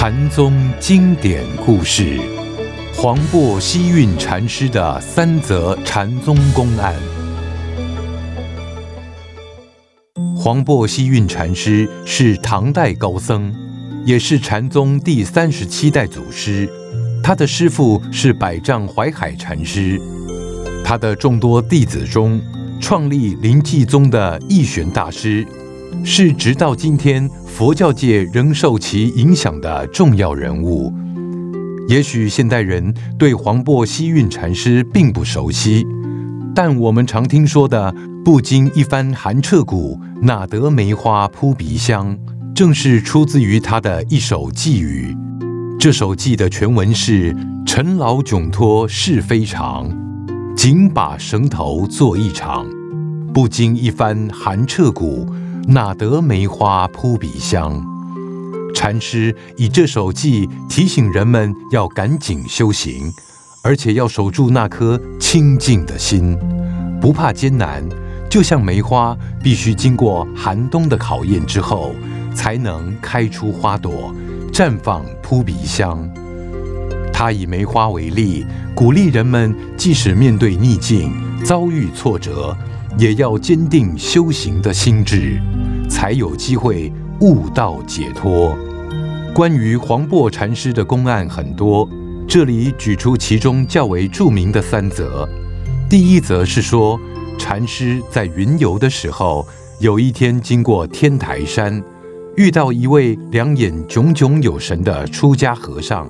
禪宗經典故事：黃檗希運禪師的三則禪宗公案。黃檗希運禪師是唐代高僧，也是禪宗第三十七代祖師。他的師父是百丈懷海禪師。他的眾多弟子中，創立臨濟宗的義玄大師，是直到今天，佛教界仍受其影響的重要人物。也許現代人對黃檗希運禪師並不熟悉，但我們常聽說的“不經一番寒徹骨，哪得梅花撲鼻香”，正是出自於他的一首偈語。這首偈的全文是：“塵勞迥脫事非常，緊把繩頭做一場。不經一番寒徹骨。”哪得梅花撲鼻香？禪師以這首偈提醒人們要趕緊修行，而且要守住那顆清淨的心，不怕艱難。就像梅花，必須經過寒冬的考驗之後，才能開出花朵，綻放撲鼻香。他以梅花為例，鼓勵人們即使面對逆境、遭遇挫折，也要堅定修行的心志。才有機會悟道解脫。關於黃檗禪師的公案很多，這裡舉出其中較為著名的三則。第一則是說，禪師在雲遊的時候，有一天經過天台山，遇到一位兩眼炯炯有神的出家和尚，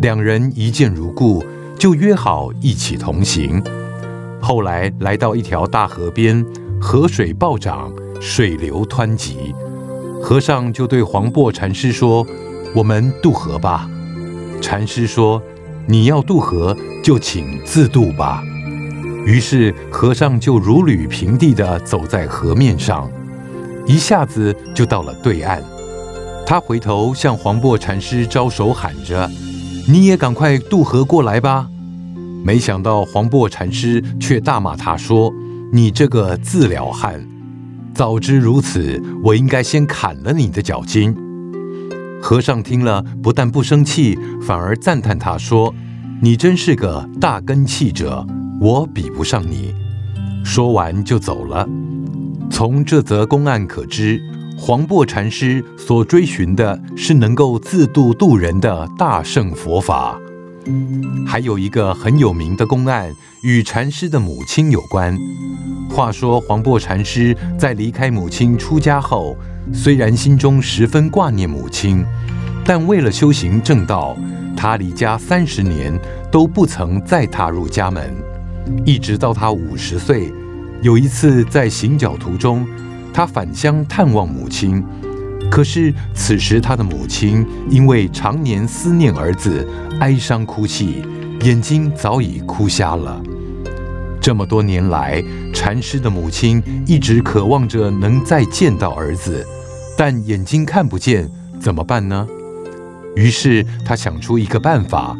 兩人一見如故，就約好一起同行。後來來到一條大河邊，河水暴漲，水流湍急，和尚就對黃檗禪師說：“我們渡河吧。”禪師說：“你要渡河，就請自渡吧。”於是和尚就如履平地地走在河面上，一下子就到了對岸。他回頭向黃檗禪師招手喊着：“你也趕快渡河過來吧！”沒想到黃檗禪師卻大罵他說：“你這個自了漢！”早知如此，我應該先砍了你的腳筋。和尚聽了，不但不生氣，反而讚嘆他說：“你真是個大根器者，我比不上你。”說完就走了。從這則公案可知，黃檗禪師所追尋的是能夠自度度人的大乘佛法。還有一個很有名的公案，與禪師的母親有關。話說黃檗禪師在離開母親出家後，雖然心中十分掛念母親，但為了修行正道，他離家三十年都不曾再踏入家門。一直到他五十歲，有一次在行腳途中，他返鄉探望母親。可是，此時他的母親因為常年思念兒子，哀傷哭泣，眼睛早已哭瞎了。這麼多年來，禪師的母親一直渴望着能再見到兒子，但眼睛看不見，怎麼辦呢？於是他想出一個辦法，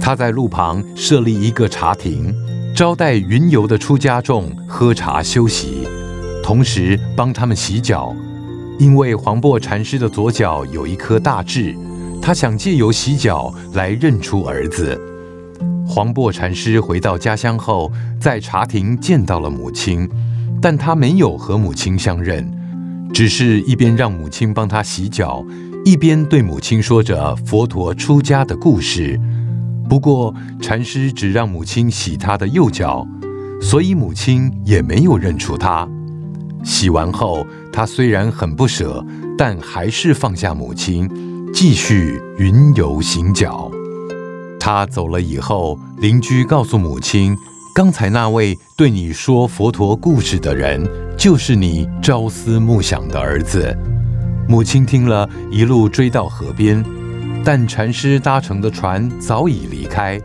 他在路旁設立一個茶亭，招待雲遊的出家眾喝茶休息，同時幫他們洗腳。因為黃檗禪師的左腳有一顆大痣，他想借由洗腳來認出兒子。黃檗禪師回到家鄉後，在茶亭見到了母親，但他沒有和母親相認，只是一邊讓母親幫他洗腳，一邊對母親說着佛陀出家的故事。不過，禪師只讓母親洗他的右腳，所以母親也沒有認出他。洗完後，他雖然很不捨，但還是放下母親，繼續雲遊行腳。他走了以後，鄰居告訴母親，剛才那位對你說佛陀故事的人，就是你朝思暮想的兒子。母親聽了一路追到河邊，但禪師搭乘的船早已離開。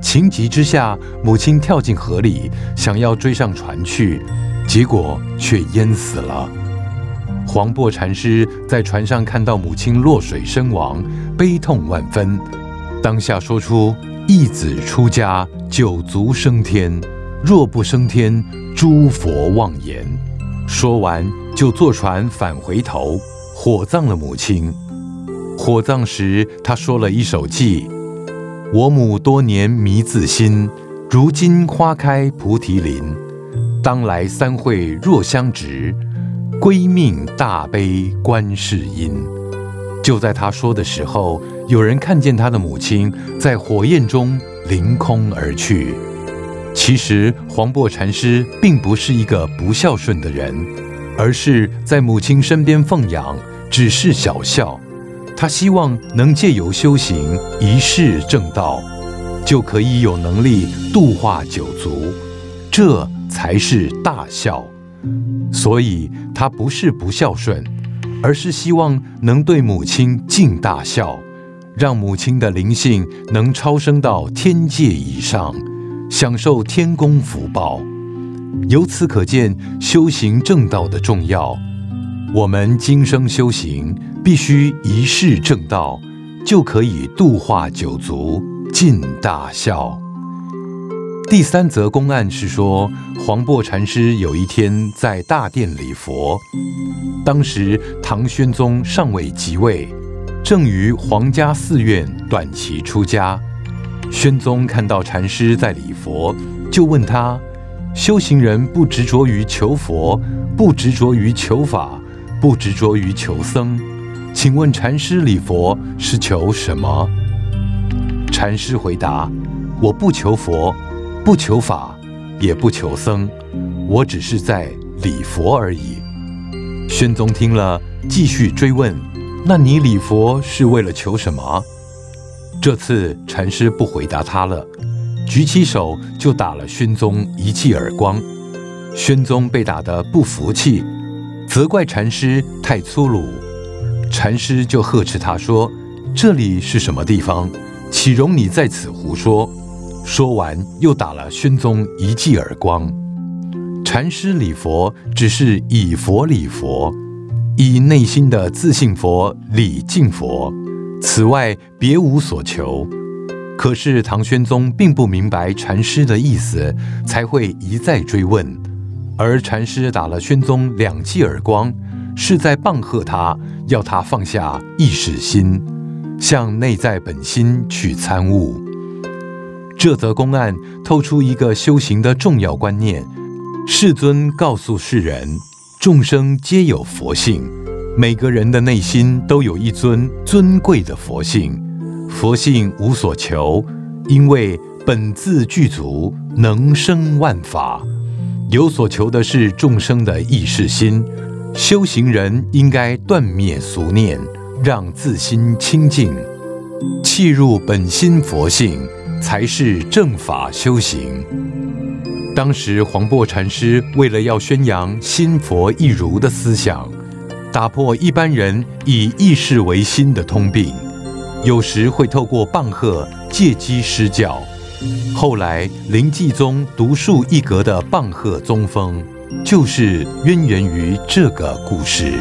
情急之下，母親跳進河裡，想要追上船去。結果卻淹死了。黃檗禪師在船上看到母親落水身亡，悲痛萬分，當下說出：“一子出家，九族升天；若不升天，諸佛妄言。”說完就坐船返回頭，火葬了母親。火葬時，他說了一首偈：“我母多年迷自心，如今花開菩提林。”當來三會若相值，歸命大悲觀世音。就在他說的時候，有人看見他的母親在火焰中凌空而去。其實黃檗禪師並不是一個不孝順的人，而是在母親身邊奉養，只是小孝。他希望能借由修行，一世正道，就可以有能力度化九族。這才是大孝，所以他不是不孝順，而是希望能對母親盡大孝，讓母親的靈性能超生到天界以上，享受天宮福報。由此可見，修行正道的重要。我們今生修行必須一世正道，就可以度化九族，盡大孝。第三則公案是說，黃檗禪師有一天在大殿禮佛，當時唐宣宗尚未即位，正於皇家寺院短期出家。宣宗看到禪師在禮佛，就問他：“修行人不執着於求佛，不執着於求法，不執着於求僧，請問禪師禮佛是求什麼？”禪師回答：“我不求佛。”不求法，也不求僧，我只是在禮佛而已。宣宗聽了，繼續追問：“那你禮佛是為了求什麼？”這次禪師不回答他了，舉起手就打了宣宗一記耳光。宣宗被打得不服氣，責怪禪師太粗魯。禪師就呵斥他說：“這裡是什麼地方？豈容你在此胡說？”說完，又打了宣宗一記耳光。禪師禮佛，只是以佛禮佛，以內心的自信佛禮敬佛，此外別無所求。可是唐宣宗並不明白禪師的意思，才會一再追問。而禪師打了宣宗兩記耳光，是在棒喝他，要他放下意識心，向內在本心去參悟。這則公案透出一個修行的重要觀念。世尊告訴世人，眾生皆有佛性，每個人的內心都有一尊尊貴的佛性。佛性無所求，因為本自具足，能生萬法。有所求的是眾生的意識心。修行人應該斷滅俗念，讓自心清淨，契入本心佛性。才是正法修行。當時黃檗禪師為了要宣揚心佛一如的思想，打破一般人以意識為心的通病，有時會透過棒喝借機施教。後來臨濟宗獨樹一格的棒喝宗風，就是淵源於這個故事。